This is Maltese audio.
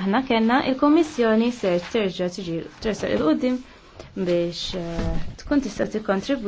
aħna kellna il-Komissjoni se terġa' tiġi tersa il-qudiem biex eh, tkun tista' tikkontribwi